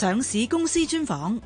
上市公司專訪。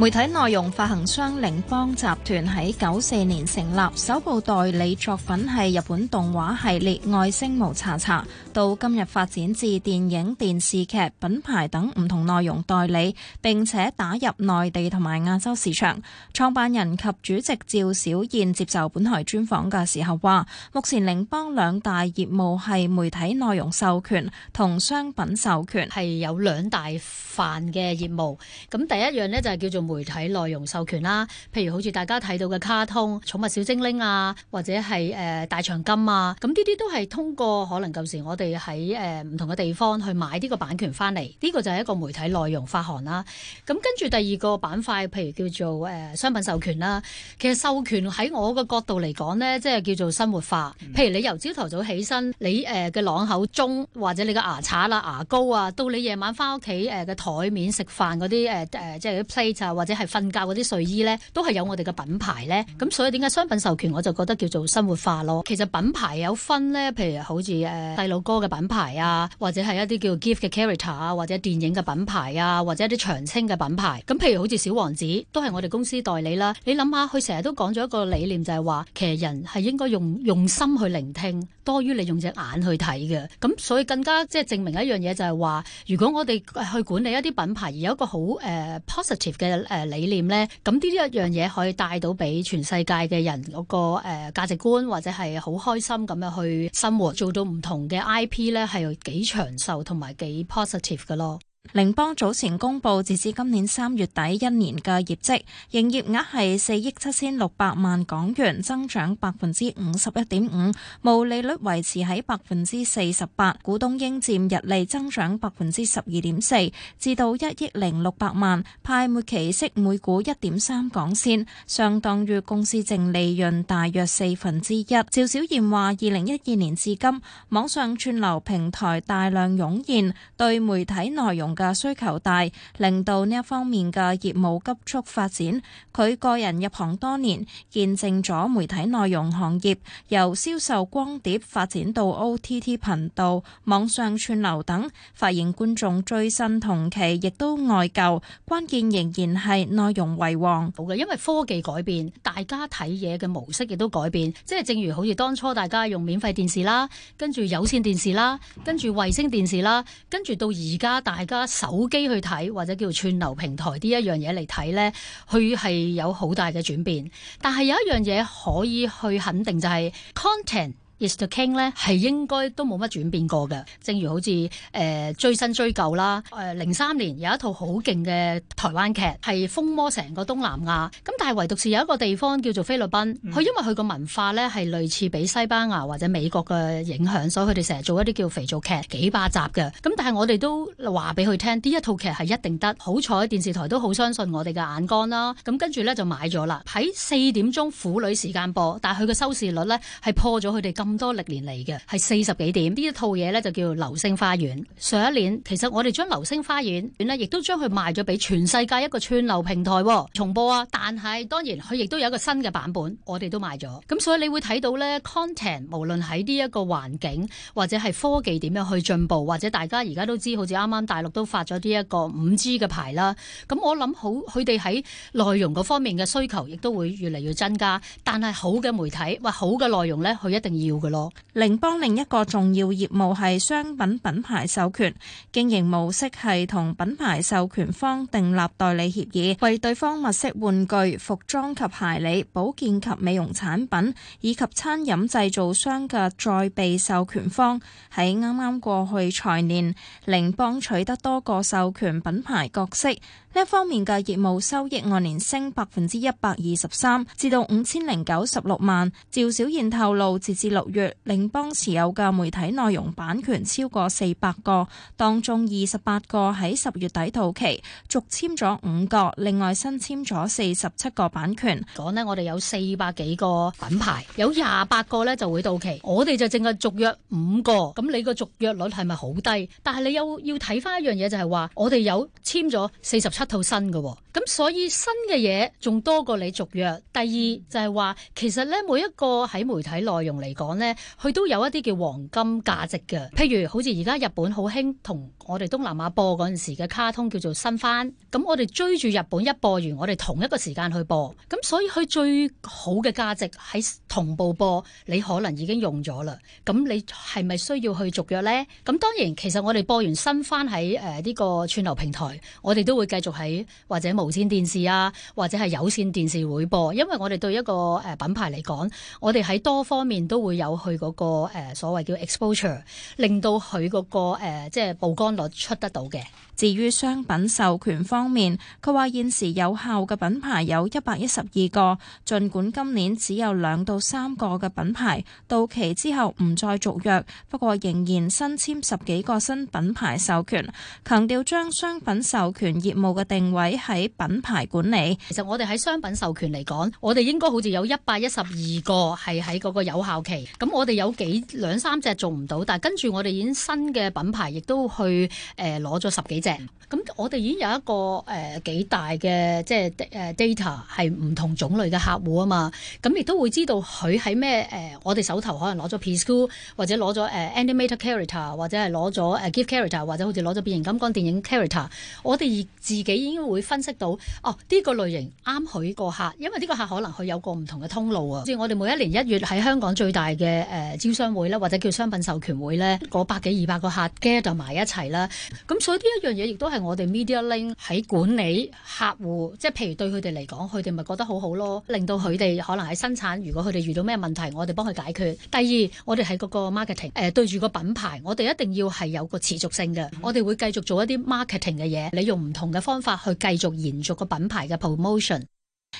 媒體內容發行商羚邦集團喺九四年成立，首部代理作品係日本動畫系列《外星毛查查》，到今日發展至電影、電視劇、品牌等唔同內容代理，並且打入內地同埋亞洲市場創辦人及主席趙小燕接受本台專訪嘅時候話，目前羚邦兩大業務係媒體內容授權同商品授權，係有兩大範嘅業務。咁第一樣呢，就係叫做。媒體內容授權啦，譬如好似大家睇到嘅卡通、寵物小精靈啊，或者係誒、呃、大長今啊，咁呢啲都係通過可能舊時我哋喺誒唔同嘅地方去買呢個版權翻嚟，呢、這個就係一個媒體內容發行啦、啊。咁、嗯、跟住第二個板塊，譬如叫做誒、呃、商品授權啦、啊，其實授權喺我個角度嚟講咧，即係叫做生活化。譬如你由朝頭早起身，你誒嘅朗口鐘或者你嘅牙刷啦、牙膏啊，到你夜晚翻屋企誒嘅台面食飯嗰啲誒誒，即係啲 plate 啊。或者係瞓覺嗰啲睡衣呢，都係有我哋嘅品牌呢。咁所以點解商品授權，我就覺得叫做生活化咯。其實品牌有分呢，譬如好似誒細路哥嘅品牌啊，或者係一啲叫 gift 嘅 character 啊，或者電影嘅品牌啊，或者一啲長青嘅品牌。咁譬如好似小王子，都係我哋公司代理啦。你諗下，佢成日都講咗一個理念，就係話，其實人係應該用用心去聆聽。多於你用隻眼去睇嘅，咁所以更加即係證明一樣嘢就係話，如果我哋去管理一啲品牌而有一個好誒、uh, positive 嘅誒、uh, 理念咧，咁呢啲一樣嘢可以帶到俾全世界嘅人嗰個誒、uh, 價值觀，或者係好開心咁樣去生活，做到唔同嘅 IP 咧，係幾長壽同埋幾 positive 嘅咯。羚邦早前公布，截至今年三月底一年嘅業績，營業額係四億七千六百萬港元，增長百分之五十一點五，毛利率維持喺百分之四十八，股東應佔溢利增長百分之十二點四，至到一億零六百萬，派末期息每股一點三港仙，相當於公司淨利潤大約四分之一。趙小燕話：二零一二年至今，網上串流平台大量湧現，對媒體內容。嘅需求大，令到呢一方面嘅業務急速發展。佢個人入行多年，見證咗媒體內容行業由銷售光碟發展到 OTT 頻道、網上串流等，發現觀眾追新同期亦都愛舊，關鍵仍然係內容為王。好嘅，因為科技改變，大家睇嘢嘅模式亦都改變，即係正如好似當初大家用免費電視啦，跟住有線電視啦，跟住衛星電視啦，跟住到而家大家。手機去睇或者叫串流平台呢一樣嘢嚟睇咧，佢係有好大嘅轉變，但係有一樣嘢可以去肯定就係 content。East to King 咧，係應該都冇乜轉變過嘅。正如好似誒、呃、追新追舊啦，誒零三年有一套好勁嘅台灣劇，係風魔成個東南亞，咁但係唯獨是有一個地方叫做菲律賓，佢、嗯、因為佢個文化咧係類似俾西班牙或者美國嘅影響，所以佢哋成日做一啲叫肥皂劇幾百集嘅。咁但係我哋都話俾佢聽呢一套劇係一定得。好彩電視台都好相信我哋嘅眼光啦。咁跟住咧就買咗啦。喺四點鐘婦女時間播，但係佢嘅收視率咧係破咗佢哋今。咁多歷年嚟嘅係四十幾點，呢一套嘢咧就叫流星花園。上一年其實我哋將流星花園咧，亦都將佢賣咗俾全世界一個串流平台、哦、重播啊！但係當然佢亦都有一個新嘅版本，我哋都賣咗。咁所以你會睇到咧，content 無論喺呢一個環境或者係科技點樣去進步，或者大家而家都知，好似啱啱大陸都發咗呢一個五 G 嘅牌啦。咁我諗好，佢哋喺內容嗰方面嘅需求亦都會越嚟越增加。但係好嘅媒體，或好嘅內容咧，佢一定要。佢咯，羚邦另一個重要業務係商品品牌授權經營模式，係同品牌授權方訂立代理協議，為對方物色玩具、服裝及鞋履保健及美容產品以及餐飲製造商嘅再被授權方。喺啱啱過去財年，羚邦取得多個授權品牌角色。呢一方面嘅業務收益按年升百分之一百二十三，至到五千零九十六萬。趙小燕透露，截至六月，羚邦持有嘅媒體內容版權超過四百個，當中二十八個喺十月底到期，續簽咗五個，另外新簽咗四十七個版權。講呢，我哋有四百幾個品牌，有廿八個呢就會到期，我哋就淨係續約五個。咁你個續約率係咪好低？但係你又要睇翻一樣嘢，就係話我哋有簽咗四十七。七套新嘅，咁所以新嘅嘢仲多過你續約。第二就係話，其實咧每一個喺媒體內容嚟講咧，佢都有一啲叫黃金價值嘅。譬如好似而家日本好興同我哋東南亞播嗰陣時嘅卡通叫做新番，咁我哋追住日本一播完，我哋同一個時間去播，咁所以佢最好嘅價值喺同步播，你可能已經用咗啦。咁你係咪需要去續約咧？咁當然，其實我哋播完新番喺誒呢個串流平台，我哋都會繼續。喺或者無線電視啊，或者係有線電視會播，因為我哋對一個誒品牌嚟講，我哋喺多方面都會有佢嗰個誒所謂叫 exposure，令到佢嗰個誒即係曝光率出得到嘅。至於商品授權方面，佢話現時有效嘅品牌有一百一十二個，儘管今年只有兩到三個嘅品牌到期之後唔再續約，不過仍然新簽十幾個新品牌授權，強調將商品授權業務嘅。定位喺品牌管理，其實我哋喺商品授權嚟講，我哋應該好似有一百一十二個係喺嗰個有效期。咁我哋有幾兩三隻做唔到，但係跟住我哋已經新嘅品牌亦都去誒攞咗十幾隻。咁我哋已經有一個誒、呃、幾大嘅即係誒 data 係唔同種類嘅客戶啊嘛。咁亦都會知道佢喺咩誒我哋手頭可能攞咗 Peace School，或者攞咗誒 Animated Character，或者係攞咗誒 Gift Character，或者好似攞咗變形金剛電影 Character。我哋而自己應該會分析到哦，呢個類型啱佢個客，因為呢個客可能佢有個唔同嘅通路啊。即係我哋每一年一月喺香港最大嘅誒、呃、招商會咧，或者叫商品授權會咧，嗰百幾二百個客 gather 埋一齊啦。咁所以呢一樣嘢亦都係我哋 MediaLink 喺管理客戶，即係譬如對佢哋嚟講，佢哋咪覺得好好咯，令到佢哋可能喺生產，如果佢哋遇到咩問題，我哋幫佢解決。第二，我哋喺嗰個 marketing 誒、呃、對住個品牌，我哋一定要係有個持續性嘅，我哋會繼續做一啲 marketing 嘅嘢，你用唔同嘅方法去繼續延續個品牌嘅 promotion。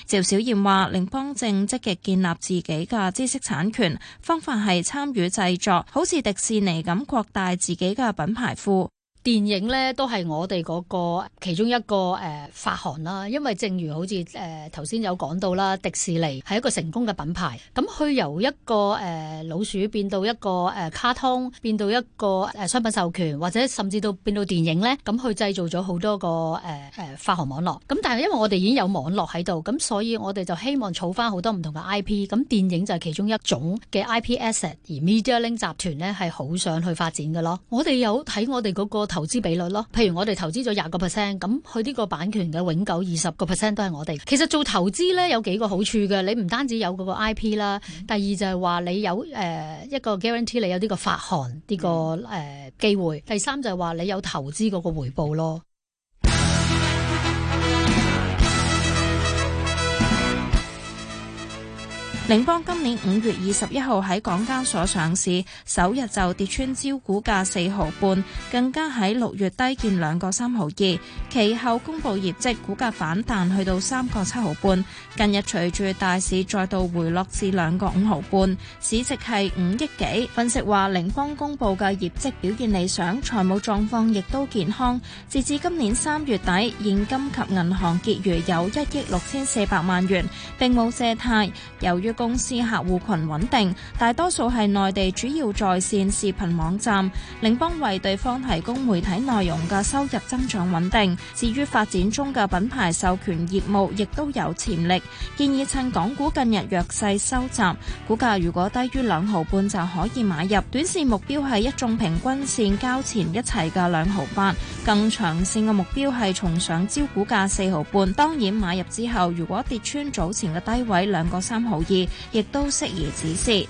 趙小燕話，羚邦正積極建立自己嘅知識產權，方法係參與製作，好似迪士尼咁擴大自己嘅品牌庫。電影咧都係我哋嗰個其中一個誒、呃、發行啦，因為正如好似誒頭先有講到啦，迪士尼係一個成功嘅品牌，咁、嗯、佢由一個誒、呃、老鼠變到一個誒、呃、卡通，變到一個誒、呃、商品授權，或者甚至到變到電影咧，咁、嗯、佢製造咗好多個誒誒、呃、發行網絡。咁、嗯、但係因為我哋已經有網絡喺度，咁所以我哋就希望儲翻好多唔同嘅 IP，咁、嗯嗯、電影就係其中一種嘅 IP asset，而 Media Link 集團咧係好想去發展嘅咯。我哋有睇我哋嗰、那個。投資比率咯，譬如我哋投資咗廿個 percent，咁佢呢個版權嘅永久二十個 percent 都係我哋。其實做投資咧有幾個好處嘅，你唔單止有嗰個 IP 啦，第二就係話你有誒、呃、一個 guarantee，你有呢個發行呢、這個誒、呃、機會，第三就係話你有投資嗰個回報咯。羚邦今年五月二十一號喺港交所上市，首日就跌穿招股價四毫半，更加喺六月低見兩個三毫二，其後公布業績，股價反彈去到三個七毫半，近日隨住大市再度回落至兩個五毫半，市值係五億幾。分析話，羚邦公布嘅業績表現理想，財務狀況亦都健康，截至今年三月底，現金及銀行結餘有一億六千四百萬元，並冇借貸。由於公司客戶群穩定，大多數係內地主要在線視頻網站，羚邦為對方提供媒體內容嘅收入增長穩定。至於發展中嘅品牌授權業務亦都有潛力。建議趁港股近日弱勢收窄，股價如果低於兩毫半就可以買入。短線目標係一眾平均線交前一齊嘅兩毫八，更長線嘅目標係重上招股價四毫半。當然買入之後如果跌穿早前嘅低位兩個三毫二。亦都適宜指示。